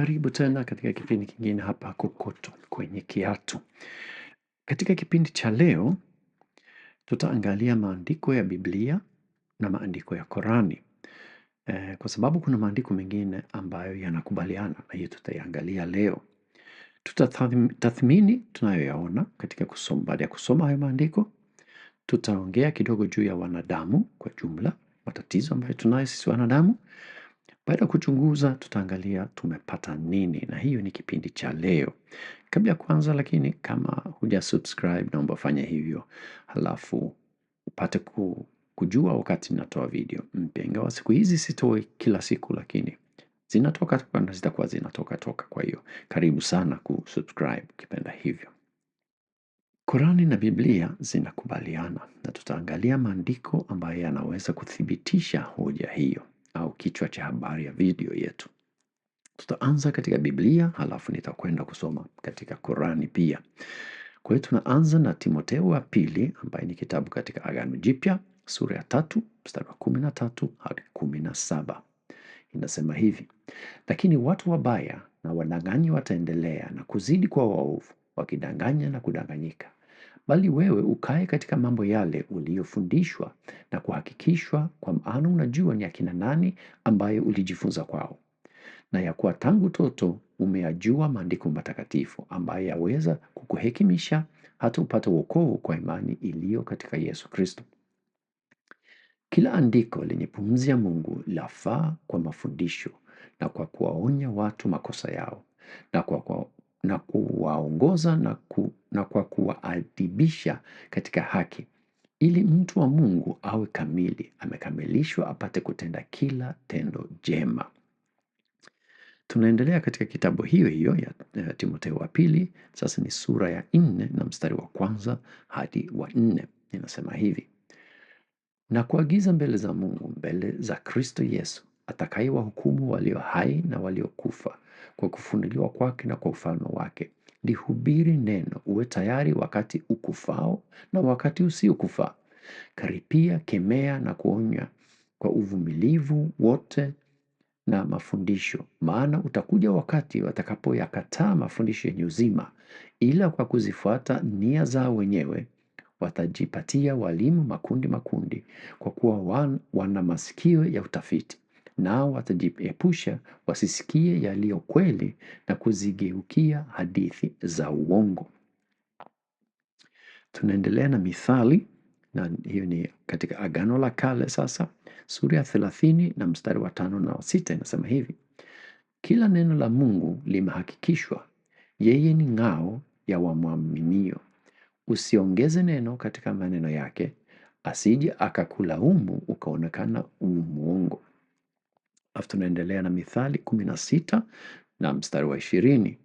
Karibu tena katika kipindi kingine hapa Kokoto Kwenye Kiatu. Katika kipindi cha leo tutaangalia maandiko ya Biblia na maandiko ya Korani eh, kwa sababu kuna maandiko mengine ambayo yanakubaliana na hiyo tutaiangalia leo. Tutatathmini tunayoyaona katika kusoma, baada ya kusoma hayo maandiko tutaongea kidogo juu ya wanadamu kwa jumla, matatizo ambayo tunayo sisi wanadamu baada ya kuchunguza, tutaangalia tumepata nini na hiyo ni kipindi cha leo. Kabla ya kwanza lakini kama huja subscribe naomba ufanye hivyo halafu upate ku, kujua wakati natoa video mpya. Ingawa siku hizi sitoi kila siku lakini zinatoka toka na zitakuwa zinatoka toka. Kwa hiyo karibu sana kusubscribe ukipenda hivyo. Qurani na Biblia zinakubaliana na tutaangalia maandiko ambayo yanaweza kuthibitisha hoja hiyo au kichwa cha habari ya video yetu. Tutaanza katika Biblia halafu nitakwenda kusoma katika Qurani pia. Kwa hiyo tunaanza na Timotheo wa pili ambaye ni kitabu katika Agano Jipya sura ya tatu mstari wa kumi na tatu hadi kumi na saba inasema hivi: lakini watu wabaya na wadanganyi wataendelea na kuzidi kwa waovu, wakidanganya na kudanganyika bali wewe ukae katika mambo yale uliyofundishwa na kuhakikishwa kwa maana unajua ni akina nani ambaye ulijifunza kwao, na ya kuwa tangu toto umeyajua maandiko matakatifu ambayo yaweza kukuhekimisha hata upate wokovu kwa imani iliyo katika Yesu Kristo. Kila andiko lenye pumzi ya Mungu lafaa kwa mafundisho na kwa kuwaonya watu makosa yao na kwa, kwa, na kuwaongoza na, ku, na kwa kuwaadhibisha katika haki ili mtu wa Mungu awe kamili, amekamilishwa apate kutenda kila tendo jema. Tunaendelea katika kitabu hiyo hiyo ya eh, Timotheo wa pili, sasa ni sura ya nne na mstari wa kwanza hadi wa nne. Inasema hivi: na kuagiza mbele za Mungu, mbele za Kristo Yesu atakayewahukumu walio hai na waliokufa kwa kufunuliwa kwake na kwa ufalme wake. Lihubiri neno, uwe tayari wakati ukufao na wakati usiokufaa. Karipia, kemea na kuonya kwa uvumilivu wote na mafundisho, maana utakuja wakati watakapoyakataa mafundisho yenye uzima, ila kwa kuzifuata nia zao wenyewe watajipatia walimu makundi makundi, kwa kuwa wana masikio ya utafiti nao watajiepusha wasisikie yaliyo kweli na kuzigeukia hadithi za uongo. Tunaendelea na mithali na hiyo ni katika Agano la Kale sasa, sura ya thelathini na mstari wa tano na wa sita inasema hivi: kila neno la Mungu limehakikishwa, yeye ni ng'ao ya wamwaminio. Usiongeze neno katika maneno yake, asije akakulaumu ukaonekana umuongo Alafu tunaendelea na Mithali kumi na sita na mstari wa ishirini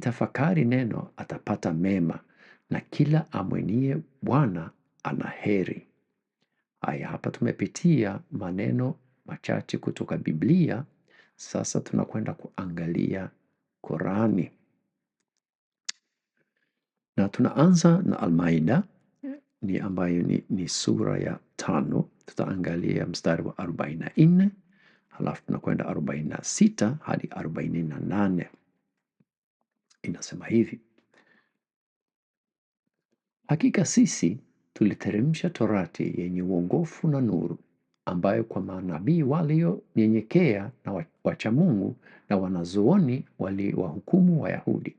tafakari neno atapata mema na kila amwenie Bwana ana heri. Haya, hapa tumepitia maneno machache kutoka Biblia. Sasa tunakwenda kuangalia Korani na tunaanza na Almaida ni ambayo ni, ni sura ya tano tutaangalia mstari wa 44 halafu tunakwenda 46 hadi 48 inasema hivi hakika sisi tuliteremsha torati yenye uongofu na nuru ambayo kwa manabii walionyenyekea na wachamungu na wanazuoni waliwahukumu wayahudi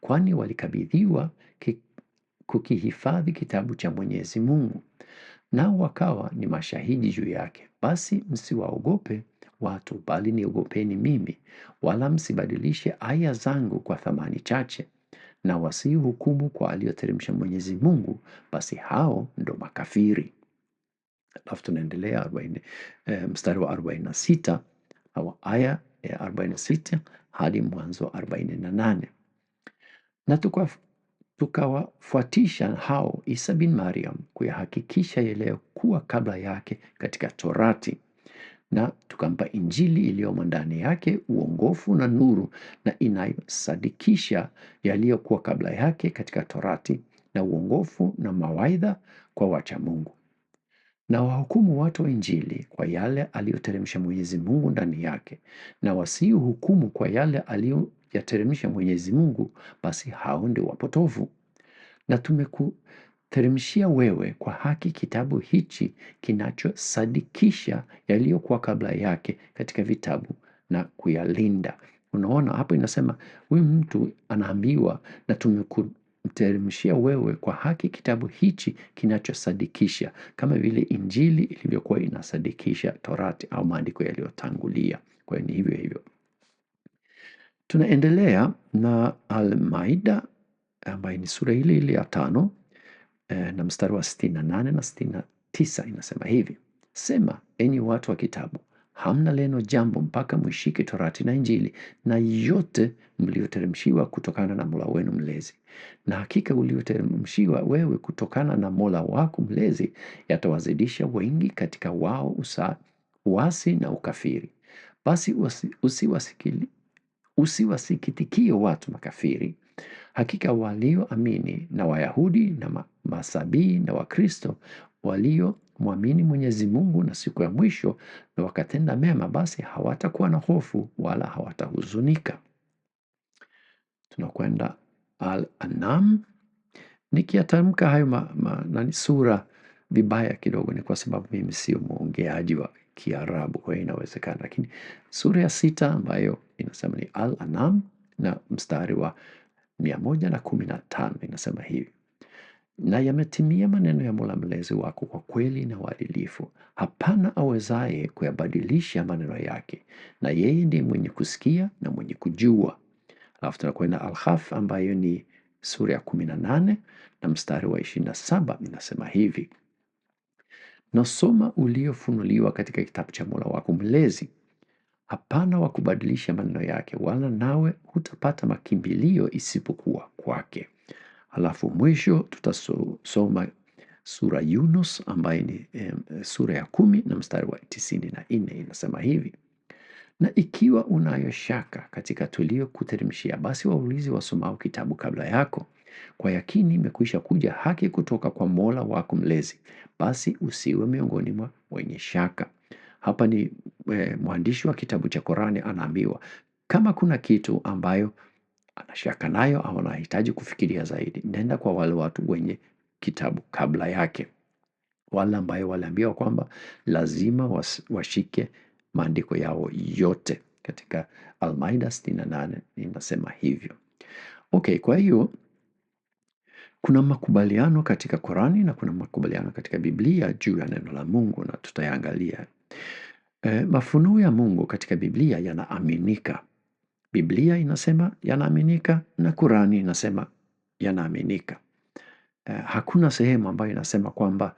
kwani walikabidhiwa kukihifadhi kitabu cha mwenyezi mungu nao wakawa ni mashahidi juu yake. Basi msiwaogope watu, bali niogopeni mimi, wala msibadilishe aya zangu kwa thamani chache, na wasihukumu kwa aliyoteremsha Mwenyezi Mungu, basi hao ndo makafiri. Alafu tunaendelea e, mstari wa 46 au aya ya 46 hadi mwanzo wa 48 na tuka tukawafuatisha hao Isa bin Mariam kuyahakikisha yaliyokuwa kabla yake katika Torati na tukampa Injili iliyomo ndani yake uongofu na nuru na inayosadikisha yaliyokuwa kabla yake katika Torati na uongofu na mawaidha kwa wacha Mungu na wahukumu watu wa Injili kwa yale aliyoteremsha Mwenyezi Mungu ndani yake na wasihukumu kwa yale aliyo yateremsha Mwenyezi Mungu, basi hao ndio wapotovu. Na tumekuteremshia wewe kwa haki kitabu hichi kinachosadikisha yaliyokuwa kabla yake katika vitabu na kuyalinda. Unaona hapo inasema huyu mtu anaambiwa, na tumekuteremshia wewe kwa haki kitabu hichi kinachosadikisha, kama vile Injili ilivyokuwa inasadikisha Torati au maandiko yaliyotangulia. Kwa hiyo ni hivyo hivyo. Tunaendelea na Almaida ambaye ni sura ile ile ya tano eh, na mstari wa sitini na nane na tisa inasema hivi: Sema, enyi watu wa kitabu, hamna leno jambo mpaka mwishike torati na Injili na yote mliyoteremshiwa kutokana na Mola wenu mlezi. Na hakika ulioteremshiwa wewe kutokana na Mola wako mlezi yatawazidisha wengi katika wao usa, uasi na ukafiri. Basi usiwasikili, usiwasikitikie watu makafiri, hakika walioamini na Wayahudi na Masabii na Wakristo waliomwamini Mwenyezi Mungu na siku ya mwisho na wakatenda mema, basi hawatakuwa na hofu wala hawatahuzunika. Tunakwenda Al-An'am. Nikiyatamka hayo ma, ma, nani sura vibaya kidogo, ni kwa sababu mimi sio mwongeaji wa Kiarabu. Kwa hiyo inawezekana, lakini sura ya sita ambayo inasema ni Al Anam na mstari wa mia moja na kumi na tano inasema hivi na yametimia maneno ya Mola Mlezi wako kwa kweli na uadilifu, hapana awezaye kuyabadilisha maneno yake, na yeye ndiye mwenye kusikia na mwenye kujua. Alafu tunakwenda Alhaf ambayo ni sura ya kumi na nane na mstari wa ishirini na saba inasema hivi na soma uliofunuliwa katika kitabu cha Mola wako Mlezi. Hapana wa kubadilisha maneno yake, wala nawe hutapata makimbilio isipokuwa kwake. alafu mwisho tutasoma sura Yunus ambaye ni e, sura ya kumi na mstari wa tisini na nne inasema hivi: na ikiwa unayo shaka katika tuliokuteremshia, basi waulizi wasomao kitabu kabla yako, kwa yakini imekwisha kuja haki kutoka kwa Mola wako mlezi, basi usiwe miongoni mwa wenye shaka. Hapa ni e, mwandishi wa kitabu cha Korani anaambiwa kama kuna kitu ambayo anashaka nayo au anahitaji kufikiria zaidi, nenda kwa wale watu wenye kitabu kabla yake. Wale ambayo waliambiwa kwamba lazima was, washike maandiko yao yote katika Almaida 68 inasema hivyo. Okay, kwa hiyo kuna makubaliano katika Qurani na kuna makubaliano katika Biblia juu ya neno la Mungu na tutayaangalia. E, mafunuo ya Mungu katika Biblia yanaaminika. Biblia inasema yanaaminika na Qurani inasema yanaaminika. E, hakuna sehemu ambayo inasema kwamba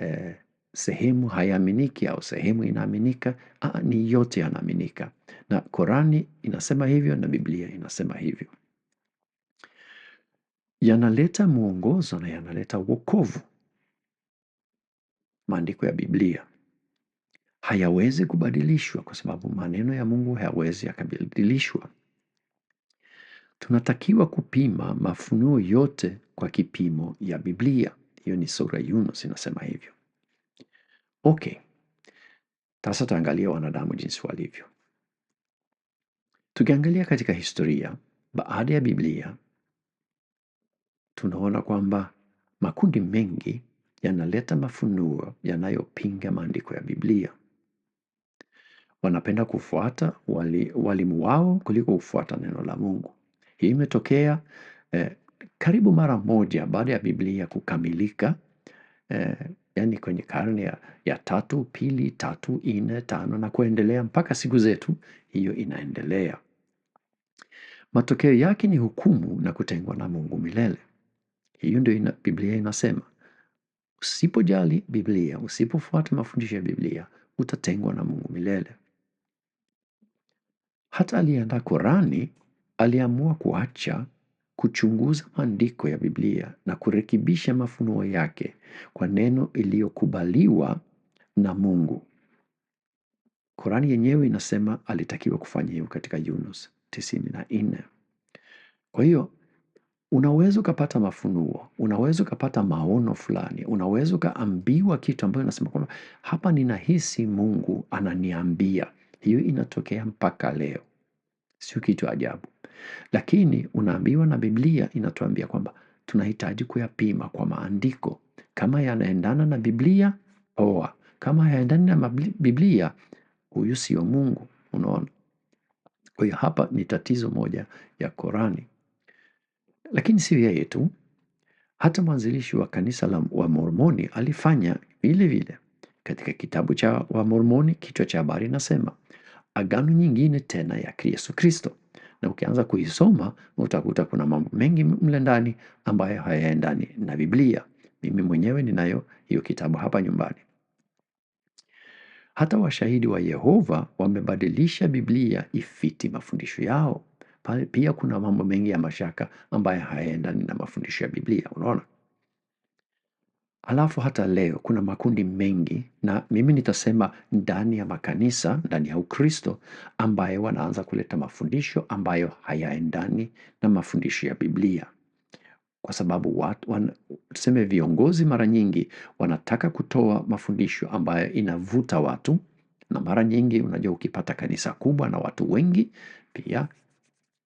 e, sehemu haiaminiki au sehemu inaaminika. ni yote yanaaminika, na Qurani inasema hivyo na Biblia inasema hivyo yanaleta mwongozo na yanaleta wokovu. Maandiko ya Biblia hayawezi kubadilishwa kwa sababu maneno ya Mungu hayawezi yakabadilishwa. Tunatakiwa kupima mafunuo yote kwa kipimo ya Biblia. Hiyo ni sura Yunus inasema hivyo. Okay. Sasa tuangalie wanadamu jinsi walivyo. Tukiangalia katika historia, baada ya Biblia, tunaona kwamba makundi mengi yanaleta mafunuo yanayopinga maandiko ya Biblia. Wanapenda kufuata walimu wali wao kuliko kufuata neno la Mungu. Hii imetokea eh, karibu mara moja baada ya Biblia kukamilika eh, yani kwenye karne ya, ya tatu, pili, tatu, nne, tano na kuendelea mpaka siku zetu, hiyo inaendelea. Matokeo yake ni hukumu na kutengwa na Mungu milele. Hiyo ndio ina, Biblia inasema. Usipojali Biblia, usipofuata mafundisho ya Biblia, utatengwa na Mungu milele. Hata aliyeandaa Qurani aliamua kuacha kuchunguza maandiko ya Biblia na kurekebisha mafunuo yake kwa neno iliyokubaliwa na Mungu. Qurani yenyewe inasema alitakiwa kufanya hivyo katika Yunus tisini na nne. Kwa hiyo unaweza ukapata mafunuo, unaweza ukapata maono fulani, unaweza ukaambiwa kitu ambayo unasema kwamba hapa ninahisi Mungu ananiambia. Hiyo inatokea mpaka leo, sio kitu ajabu, lakini unaambiwa na Biblia inatuambia kwamba tunahitaji kuyapima kwa maandiko. Kama yanaendana na Biblia, oa. Kama hayaendani na Biblia, huyu sio Mungu. Unaona? Kwa hiyo hapa ni tatizo moja ya Korani. Lakini si yeye tu, hata mwanzilishi wa kanisa la Wamormoni alifanya vile vile. Katika kitabu cha Wamormoni kichwa cha habari inasema agano nyingine tena ya Yesu Kristo, na ukianza kuisoma utakuta kuna mambo mengi mle ndani ambayo hayaendani na Biblia. Mimi mwenyewe ninayo hiyo kitabu hapa nyumbani. Hata washahidi wa Yehova wamebadilisha Biblia ifiti mafundisho yao pia kuna mambo mengi ya mashaka ambayo hayaendani na mafundisho ya Biblia, unaona? Alafu hata leo kuna makundi mengi, na mimi nitasema ndani ya makanisa, ndani ya Ukristo, ambaye wanaanza kuleta mafundisho ambayo hayaendani na mafundisho ya Biblia, kwa sababu watu tuseme viongozi mara nyingi wanataka kutoa mafundisho ambayo inavuta watu, na mara nyingi unajua ukipata kanisa kubwa na watu wengi pia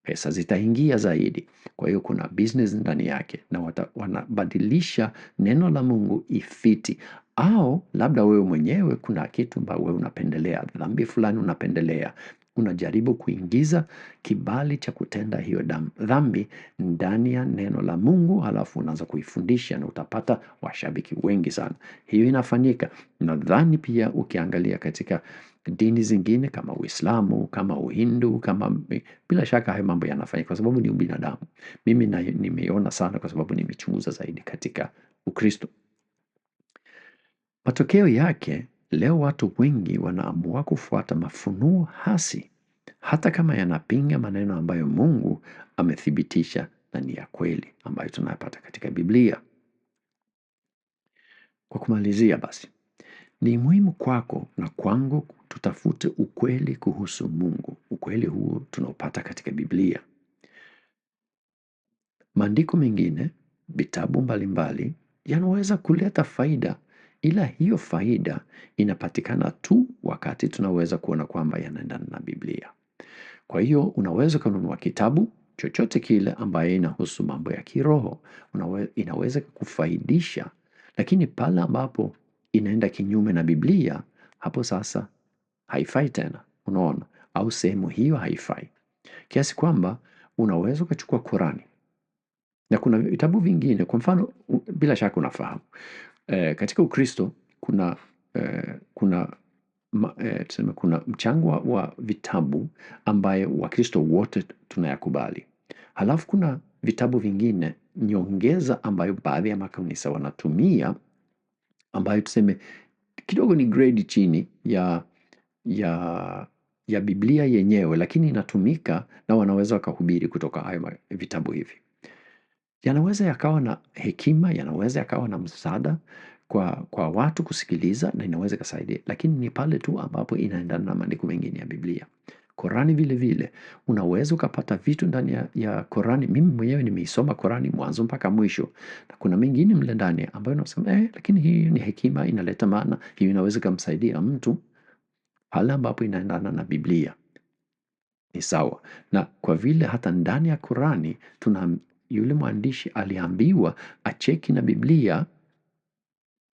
pesa zitaingia zaidi. Kwa hiyo kuna business ndani yake na wata, wanabadilisha neno la Mungu ifiti au labda wewe mwenyewe kuna kitu ambayo wewe unapendelea, dhambi fulani unapendelea, unajaribu kuingiza kibali cha kutenda hiyo dhambi ndani ya neno la Mungu, halafu unaanza kuifundisha na utapata washabiki wengi sana. Hiyo inafanyika. Nadhani pia ukiangalia katika dini zingine kama uislamu, kama uhindu, kama bila shaka hayo mambo yanafanyika kwa sababu ni ubinadamu. Mimi nimeiona sana kwa sababu nimechunguza zaidi katika ukristo. Matokeo yake, leo watu wengi wanaamua kufuata mafunuo hasi, hata kama yanapinga maneno ambayo Mungu amethibitisha na ni ya kweli ambayo tunayapata katika Biblia. Kwa kumalizia basi, ni muhimu kwako na kwangu tutafute ukweli kuhusu Mungu. Ukweli huo tunaopata katika Biblia. Maandiko mengine, vitabu mbalimbali yanaweza kuleta faida, ila hiyo faida inapatikana tu wakati tunaweza kuona kwamba yanaendana na Biblia. Kwa hiyo unaweza ukanunua kitabu chochote kile ambaye inahusu mambo ya kiroho, inaweza kufaidisha, lakini pale ambapo inaenda kinyume na Biblia, hapo sasa haifai tena, unaona, au sehemu hiyo haifai, kiasi kwamba unaweza ukachukua Qurani na kuna vitabu vingine. Kwa mfano, bila shaka unafahamu e, katika Ukristo kuna e, kuna ma, e, tuseme kuna mchango wa vitabu ambaye Wakristo wote tunayakubali, halafu kuna vitabu vingine nyongeza ambayo baadhi ya makanisa wanatumia ambayo tuseme kidogo ni grade chini ya ya ya Biblia yenyewe lakini inatumika na wanaweza wakahubiri kutoka hayo vitabu hivi. Yanaweza yakawa na hekima, yanaweza yakawa na msaada kwa, kwa watu kusikiliza na inaweza ikasaidia, lakini ni pale tu ambapo inaendana na maandiko mengine ya Biblia. Korani vile vile, unaweza ukapata vitu ndani ya, ya Korani. Mimi mwenyewe nimeisoma Korani mwanzo mpaka mwisho, na kuna mengine mle ndani ambayo nasema eh, lakini hii ni hekima, inaleta maana, hiyo inaweza ikamsaidia mtu pale ambapo inaendana na Biblia ni sawa. Na kwa vile hata ndani ya kurani tuna yule mwandishi aliambiwa acheki na Biblia,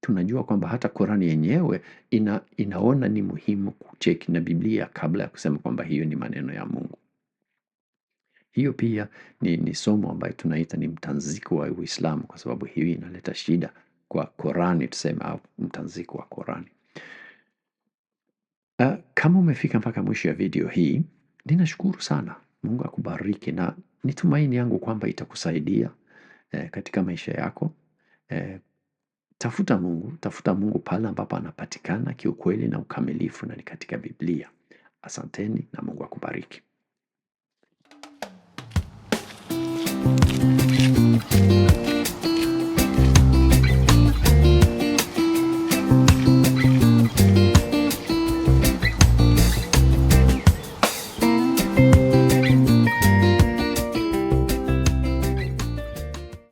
tunajua kwamba hata kurani yenyewe ina, inaona ni muhimu kucheki na Biblia kabla ya kusema kwamba hiyo ni maneno ya Mungu. Hiyo pia ni, ni somo ambayo tunaita ni mtanziko wa Uislamu, kwa sababu hiyo inaleta shida kwa Qurani tuseme, au mtanziko wa Qurani. Uh, kama umefika mpaka mwisho ya video hii, ninashukuru sana. Mungu akubariki na ni tumaini yangu kwamba itakusaidia eh, katika maisha yako eh, tafuta Mungu, tafuta Mungu pale ambapo anapatikana kiukweli na ukamilifu na ni katika Biblia. Asanteni na Mungu akubariki.